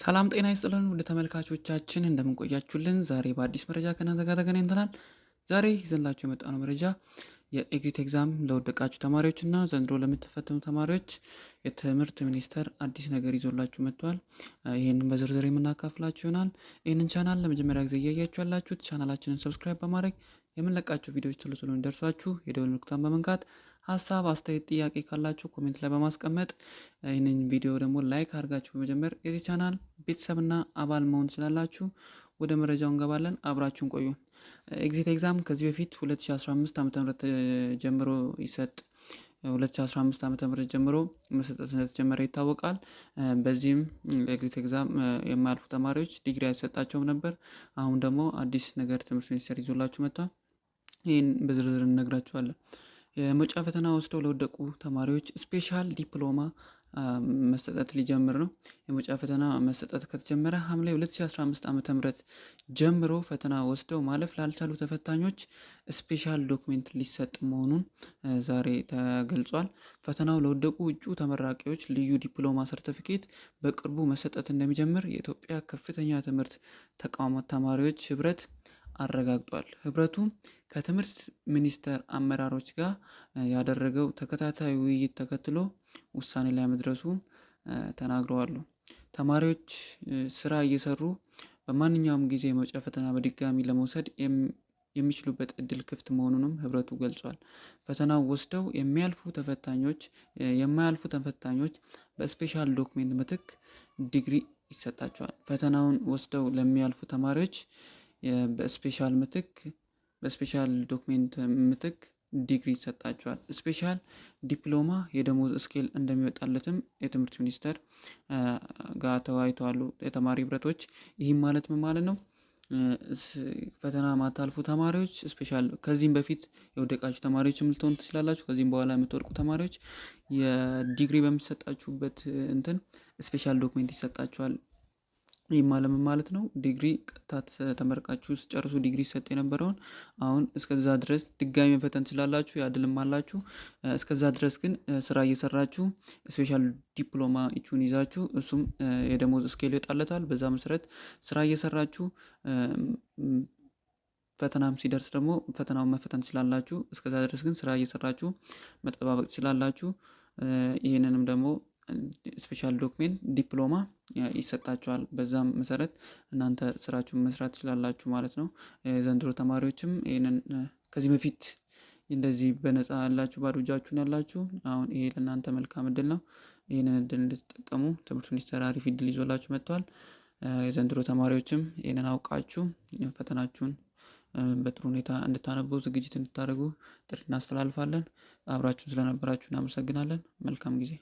ሰላም ጤና ይስጥልን ወደ ተመልካቾቻችን እንደምንቆያችሁልን፣ ዛሬ በአዲስ መረጃ ከእናንተ ጋር ተገናኝተናል። ዛሬ ይዘንላችሁ የመጣነው መረጃ የኤግዚት ኤግዛም ለወደቃችሁ ተማሪዎች እና ዘንድሮ ለምትፈተኑ ተማሪዎች የትምህርት ሚኒስቴር አዲስ ነገር ይዞላችሁ መጥቷል። ይህንን በዝርዝር የምናካፍላችሁ ይሆናል። ይህንን ቻናል ለመጀመሪያ ጊዜ እያያችሁ ያላችሁት ቻናላችንን ሰብስክራይብ በማድረግ የምንለቃቸው ቪዲዮዎች ቶሎ ቶሎ እንዲደርሷችሁ የደወል ምልክቷን በመንካት ሀሳብ፣ አስተያየት፣ ጥያቄ ካላችሁ ኮሜንት ላይ በማስቀመጥ ይህንን ቪዲዮ ደግሞ ላይክ አድርጋችሁ በመጀመር የዚህ ቻናል ቤተሰብና አባል መሆን ስላላችሁ ወደ መረጃው እንገባለን። አብራችሁን ቆዩ። ኤግዚት ኤግዛም ከዚህ በፊት 2015 ዓ ም ጀምሮ ይሰጥ 2015 ዓ ም ጀምሮ መሰጠት እንደተጀመረ ይታወቃል። በዚህም ኤግዚት ኤግዛም የማያልፉ ተማሪዎች ዲግሪ አይሰጣቸውም ነበር። አሁን ደግሞ አዲስ ነገር ትምህርት ሚኒስቴር ይዞላችሁ መጥቷል። ይህን በዝርዝር እንነግራችኋለን። የመውጫ ፈተና ወስደው ለወደቁ ተማሪዎች ስፔሻል ዲፕሎማ መሰጠት ሊጀምር ነው። የመውጫ ፈተና መሰጠት ከተጀመረ ሐምሌ 2015 ዓ ጀምሮ ፈተና ወስደው ማለፍ ላልቻሉ ተፈታኞች ስፔሻል ዶክሜንት ሊሰጥ መሆኑን ዛሬ ተገልጿል። ፈተናው ለወደቁ እጩ ተመራቂዎች ልዩ ዲፕሎማ ሰርተፊኬት በቅርቡ መሰጠት እንደሚጀምር የኢትዮጵያ ከፍተኛ ትምህርት ተቋማት ተማሪዎች ህብረት አረጋግጧል። ህብረቱ ከትምህርት ሚኒስቴር አመራሮች ጋር ያደረገው ተከታታይ ውይይት ተከትሎ ውሳኔ ላይ መድረሱ ተናግረዋሉ። ተማሪዎች ስራ እየሰሩ በማንኛውም ጊዜ መውጫ ፈተና በድጋሚ ለመውሰድ የሚችሉበት እድል ክፍት መሆኑንም ህብረቱ ገልጿል። ፈተናው ወስደው የሚያልፉ ተፈታኞች የማያልፉ ተፈታኞች በስፔሻል ዶክሜንት ምትክ ዲግሪ ይሰጣቸዋል። ፈተናውን ወስደው ለሚያልፉ ተማሪዎች በስፔሻል ምትክ በስፔሻል ዶክሜንት ምትክ ዲግሪ ይሰጣቸዋል። ስፔሻል ዲፕሎማ የደሞዝ ስኬል እንደሚወጣለትም የትምህርት ሚኒስቴር ጋር ተወያይተዋል የተማሪ ህብረቶች። ይህም ማለት ምን ማለት ነው? ፈተና ማታልፉ ተማሪዎች ስፔሻል ከዚህም በፊት የወደቃችሁ ተማሪዎች ልትሆኑ ትችላላችሁ። ከዚህም በኋላ የምትወድቁ ተማሪዎች የዲግሪ በሚሰጣችሁበት እንትን ስፔሻል ዶክሜንት ይሰጣችኋል። ይማለም ማለት ነው። ዲግሪ ቀጥታ ተመርቃችሁ ጨርሶ ዲግሪ ሰጥ የነበረውን አሁን እስከዛ ድረስ ድጋሚ መፈተን ትችላላችሁ። ያድልም አላችሁ። እስከዛ ድረስ ግን ስራ እየሰራችሁ ስፔሻል ዲፕሎማ እቹን ይዛችሁ እሱም የደሞዝ እስኬል ይወጣለታል። በዛ መሰረት ስራ እየሰራችሁ ፈተናም ሲደርስ ደግሞ ፈተናውን መፈተን ትችላላችሁ። እስከዛ ድረስ ግን ስራ እየሰራችሁ መጠባበቅ ትችላላችሁ። ይህንንም ደግሞ ስፔሻል ዶክሜንት ዲፕሎማ ይሰጣቸዋል። በዛም መሰረት እናንተ ስራችሁን መስራት ትችላላችሁ ማለት ነው። ዘንድሮ ተማሪዎችም ይህንን ከዚህ በፊት እንደዚህ በነፃ ያላችሁ ባዶ እጃችሁን ያላችሁ፣ አሁን ይሄ ለእናንተ መልካም እድል ነው። ይህንን እድል እንድትጠቀሙ ትምህርት ሚኒስቴር አሪፍ እድል ይዞላችሁ መጥቷል። የዘንድሮ ተማሪዎችም ይህንን አውቃችሁ ፈተናችሁን በጥሩ ሁኔታ እንድታነቡ ዝግጅት እንድታደርጉ ጥሪ እናስተላልፋለን። አብራችሁን ስለነበራችሁ እናመሰግናለን። መልካም ጊዜ